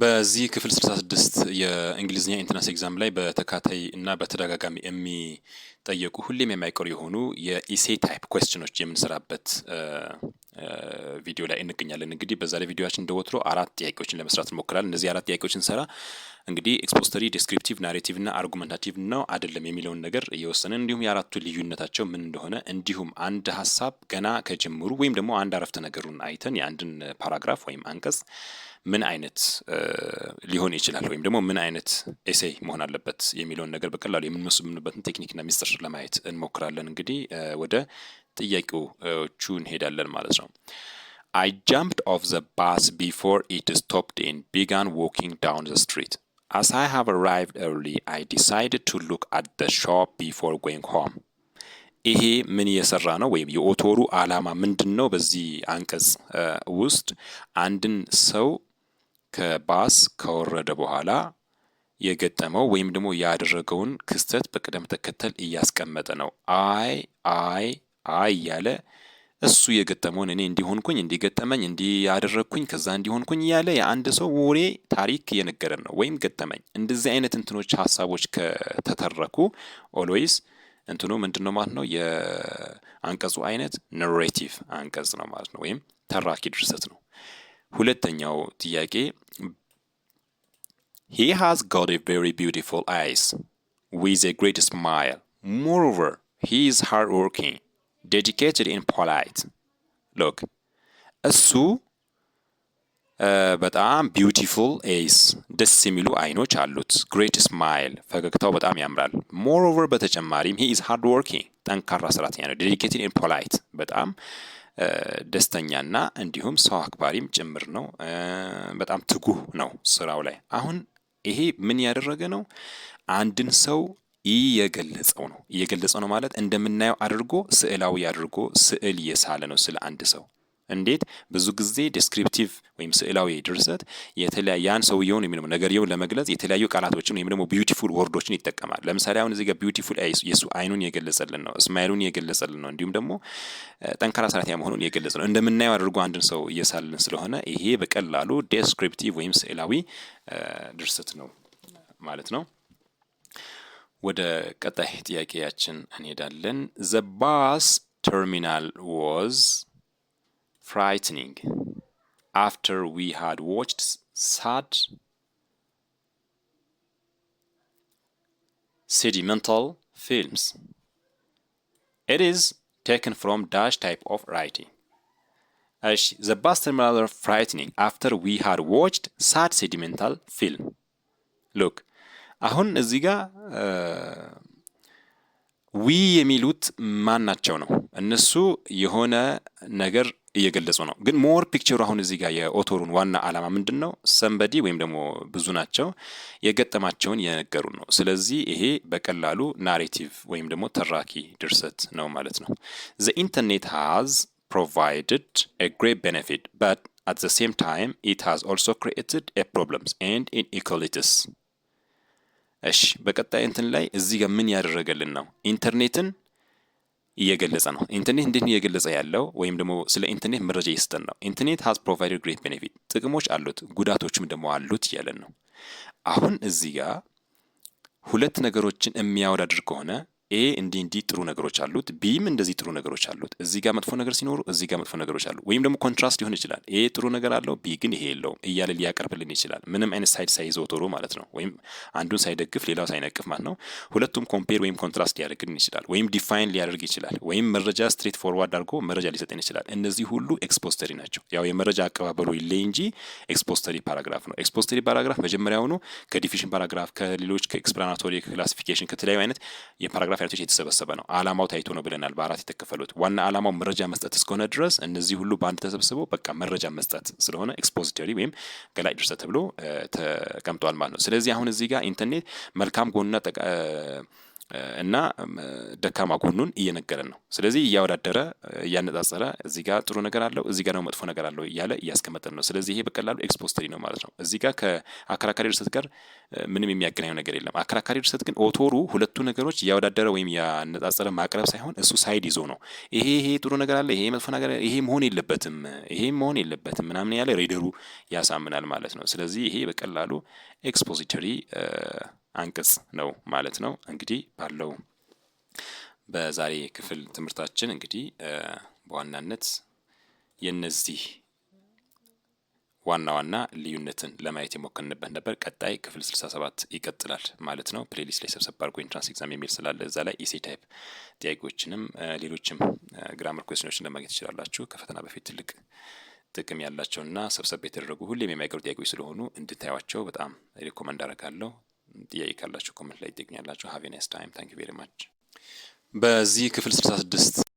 በዚህ ክፍል 66 የእንግሊዝኛ ኢንትራንስ ኤግዛም ላይ በተካታይ እና በተደጋጋሚ የሚጠየቁ ሁሌም የማይቀሩ የሆኑ የኢሴ ታይፕ ኮስችኖች የምንሰራበት ቪዲዮ ላይ እንገኛለን። እንግዲህ በዛ ላይ ቪዲዮችን እንደወትሮ አራት ጥያቄዎችን ለመስራት እንሞክራለን። እነዚህ አራት ጥያቄዎችን ሰራ እንግዲህ ኤክስፖስተሪ፣ ዲስክሪፕቲቭ፣ ናሬቲቭ ና አርጉመንታቲቭ ነው አይደለም የሚለውን ነገር እየወሰነ እንዲሁም የአራቱ ልዩነታቸው ምን እንደሆነ እንዲሁም አንድ ሀሳብ ገና ከጀምሩ ወይም ደግሞ አንድ አረፍተ ነገሩን አይተን የአንድን ፓራግራፍ ወይም አንቀጽ ምን አይነት ሊሆን ይችላል ወይም ደግሞ ምን አይነት ኤሴይ መሆን አለበት የሚለውን ነገር በቀላሉ የምንወስንበትን ቴክኒክና ሚስጥር ለማየት እንሞክራለን። እንግዲህ ወደ ጥያቄዎቹ እንሄዳለን ማለት ነው። አይ ጃምፕድ ኦፍ ዘ ባስ ቢፎር ኢት ስቶፕድ ኤንድ ቢጋን ዎኪንግ ዳውን ዘ ስትሪት አስ አይ ሃቭ አራይቭድ ኤርሊ አይ ዲሳይድድ ቱ ሉክ አት ዘ ሾፕ ቢፎር ጎይንግ ሆም። ይሄ ምን እየሰራ ነው ወይም የኦቶሩ አላማ ምንድን ነው? በዚህ አንቀጽ ውስጥ አንድን ሰው ከባስ ከወረደ በኋላ የገጠመው ወይም ደግሞ ያደረገውን ክስተት በቅደም ተከተል እያስቀመጠ ነው። አይ አይ አይ እያለ እሱ የገጠመውን እኔ እንዲሆንኩኝ እንዲገጠመኝ እንዲያደረግኩኝ ከዛ እንዲሆንኩኝ እያለ የአንድ ሰው ወሬ ታሪክ እየነገረን ነው ወይም ገጠመኝ። እንደዚህ አይነት እንትኖች ሀሳቦች ከተተረኩ ኦልዌይስ እንትኑ ምንድን ነው ማለት ነው የአንቀጹ አይነት ነሬቲቭ አንቀጽ ነው ማለት ነው፣ ወይም ተራኪ ድርሰት ነው። ሁለተኛው ጥያቄ ሂ ሃዝ ጋት ኤ ቬሪ ቢውቲፉል አይስ ዊዝ ኤ ግሬት ስማይል ሞሮቨር ሂ ኢዝ ሃርድ ወርኪንግ ዴዲኬትድ ኢን ፖላይት ሎክ እሱ በጣም ቢውቲፉል ኤይስ ደስ የሚሉ አይኖች አሉት። ግሬት ስማይል ፈገግታው በጣም ያምራል። ሞር ኦቨር በተጨማሪም ሂ ኢዝ ሃርድ ወርኪንግ ጠንካራ ሰራተኛ ነው። ዴዲኬትድ ኢን ፖላይት በጣም ደስተኛና እንዲሁም ሰው አክባሪም ጭምር ነው። በጣም ትጉህ ነው ስራው ላይ። አሁን ይሄ ምን ያደረገ ነው? አንድን ሰው እየገለጸው ነው። እየገለጸው ነው ማለት እንደምናየው አድርጎ ስዕላዊ አድርጎ ስዕል እየሳለ ነው ስለ አንድ ሰው እንዴት ብዙ ጊዜ ዲስክሪፕቲቭ ወይም ስዕላዊ ድርሰት የተለያያን ሰውየውን ወይም ነገርየውን ለመግለጽ የተለያዩ ቃላቶችን ወይም ደግሞ ቢዩቲፉል ወርዶችን ይጠቀማል። ለምሳሌ አሁን እዚህ ጋር ቢዩቲፉል የሱ አይኑን የገለጸልን ነው፣ እስማይሉን የገለጸልን ነው፣ እንዲሁም ደግሞ ጠንካራ ሰራተኛ መሆኑን የገለጸ ነው። እንደምናየው አድርጎ አንድን ሰው እየሳልን ስለሆነ ይሄ በቀላሉ ዲስክሪፕቲቭ ወይም ስዕላዊ ድርሰት ነው ማለት ነው። ወደ ቀጣይ ጥያቄያችን እንሄዳለን። ዘ ባስ ተርሚናል ዋዝ ፍራይትኒንግ አፍተር ዊ ሃድ ዋችድ ሳድ ሴዲመንታል ፊልምስ ኢት ኢዝ ቴክን ፍሮም ዳሽ ታይፕ ኦፍ ራይቲንግ። እሺ ዘ ባስ ተርሚናል ፍራይትኒንግ አፍተር ዊ ሃድ ዋችድ ሳድ ሴዲመንታል ፊልም ሉክ አሁን እዚህ ጋር ዊ የሚሉት ማን ናቸው ነው? እነሱ የሆነ ነገር እየገለጹ ነው። ግን ሞር ፒክቸሩ አሁን እዚህ ጋር የኦቶሩን ዋና ዓላማ ምንድን ነው? ሰንበዲ ወይም ደግሞ ብዙ ናቸው የገጠማቸውን የነገሩ ነው። ስለዚህ ይሄ በቀላሉ ናሬቲቭ ወይም ደግሞ ተራኪ ድርሰት ነው ማለት ነው። ዘ ኢንተርኔት ሃዝ ፕሮቫይድድ ግሬ ግሬት ቤኔፊት በት አት ዘ ሴም ታይም ኢት ሃዝ ኦልሶ ክሪኤትድ ፕሮብለምስ ኤንድ ኢንኢኳሊቲስ እሺ በቀጣይ እንትን ላይ እዚህ ጋር ምን ያደረገልን ነው? ኢንተርኔትን እየገለጸ ነው። ኢንተርኔት እንዴት ነው እየገለጸ ያለው? ወይም ደግሞ ስለ ኢንተርኔት መረጃ እየሰጠን ነው። ኢንተርኔት ሀዝ ፕሮቫይደድ ግሬት ቤኔፊት፣ ጥቅሞች አሉት ጉዳቶችም ደግሞ አሉት እያለን ነው። አሁን እዚህ ጋር ሁለት ነገሮችን የሚያወዳድር ከሆነ ኤ እንዲህ እንዲህ ጥሩ ነገሮች አሉት፣ ቢም እንደዚህ ጥሩ ነገሮች አሉት። እዚህ ጋር መጥፎ ነገር ሲኖሩ እዚህ ጋር መጥፎ ነገሮች አሉ። ወይም ደግሞ ኮንትራስት ሊሆን ይችላል። ኤ ጥሩ ነገር አለው፣ ቢ ግን ይሄ የለውም እያለ ሊያቀርብልን ይችላል። ምንም አይነት ሳይድ ቶሮ ማለት ነው። ወይም አንዱን ሳይደግፍ ሌላው ሳይነቅፍ ማለት ነው። ሁለቱም ኮምፔር ወይም ኮንትራስት ሊያደርግልን ይችላል። ወይም ዲፋይን ሊያደርግ ይችላል። ወይም መረጃ ስትሬት ፎርዋርድ አድርጎ መረጃ ሊሰጠን ይችላል። እነዚህ ሁሉ ኤክስፖስተሪ ናቸው። ያው የመረጃ አቀባበሉ ይለይ እንጂ ኤክስፖስተሪ ፓራግራፍ ነው። ኤክስፖስተሪ ፓራግራፍ መጀመሪያውኑ ከዲፊሽን ፓራግራፍ ከሌሎች ከኤክስፕላናቶሪ ክላሲፊኬሽን ከተለያዩ አይነት የፓራግራፍ አካላቶች የተሰበሰበ ነው። አላማው ታይቶ ነው ብለናል። በአራት የተከፈሉት ዋና አላማው መረጃ መስጠት እስከሆነ ድረስ እነዚህ ሁሉ በአንድ ተሰብስበው በቃ መረጃ መስጠት ስለሆነ ኤክስፖዚቶሪ ወይም ገላጭ ድርሰት ተብሎ ተቀምጧል ማለት ነው። ስለዚህ አሁን እዚህ ጋር ኢንተርኔት መልካም ጎንና እና ደካማ ጎኑን እየነገረን ነው። ስለዚህ እያወዳደረ እያነጻጸረ እዚህ ጋር ጥሩ ነገር አለው፣ እዚህ ጋር ደግሞ መጥፎ ነገር አለው እያለ እያስቀመጠን ነው። ስለዚህ ይሄ በቀላሉ ኤክስፖስተሪ ነው ማለት ነው። እዚህ ጋር ከአከራካሪ ድርሰት ጋር ምንም የሚያገናኘው ነገር የለም። አከራካሪ ድርሰት ግን ኦቶሩ ሁለቱ ነገሮች እያወዳደረ ወይም እያነጻጸረ ማቅረብ ሳይሆን እሱ ሳይድ ይዞ ነው። ይሄ ይሄ ጥሩ ነገር አለ፣ ይሄ መጥፎ ነገር፣ ይሄ መሆን የለበትም፣ ይሄ መሆን የለበትም ምናምን ያለ ሬደሩ ያሳምናል ማለት ነው። ስለዚህ ይሄ በቀላሉ ኤክስፖዚተሪ አንቀጽ ነው ማለት ነው። እንግዲህ ባለው በዛሬ ክፍል ትምህርታችን እንግዲህ በዋናነት የነዚህ ዋና ዋና ልዩነትን ለማየት የሞከርንበት ነበር። ቀጣይ ክፍል 67 ይቀጥላል ማለት ነው። ፕሌሊስት ላይ ሰብሰብ አድርጎ ኢንትራንስ ኤግዛም የሚል ስላለ እዛ ላይ ኢሴ ታይፕ ጥያቄዎችንም ሌሎችም ግራመር ኩዌስኖችን ለማግኘት ትችላላችሁ ከፈተና በፊት ትልቅ ጥቅም ያላቸውና ሰብሰብ የተደረጉ ሁሌም የማይቀሩ ጥያቄዎች ስለሆኑ እንድታዩቸው በጣም ሪኮመንድ አደርጋለሁ። ጥያቄ ካላችሁ ኮመንት ላይ ይገኛላችሁ። ሀቪነስ ታይም ታንክ ቬሪ ማች። በዚህ ክፍል 66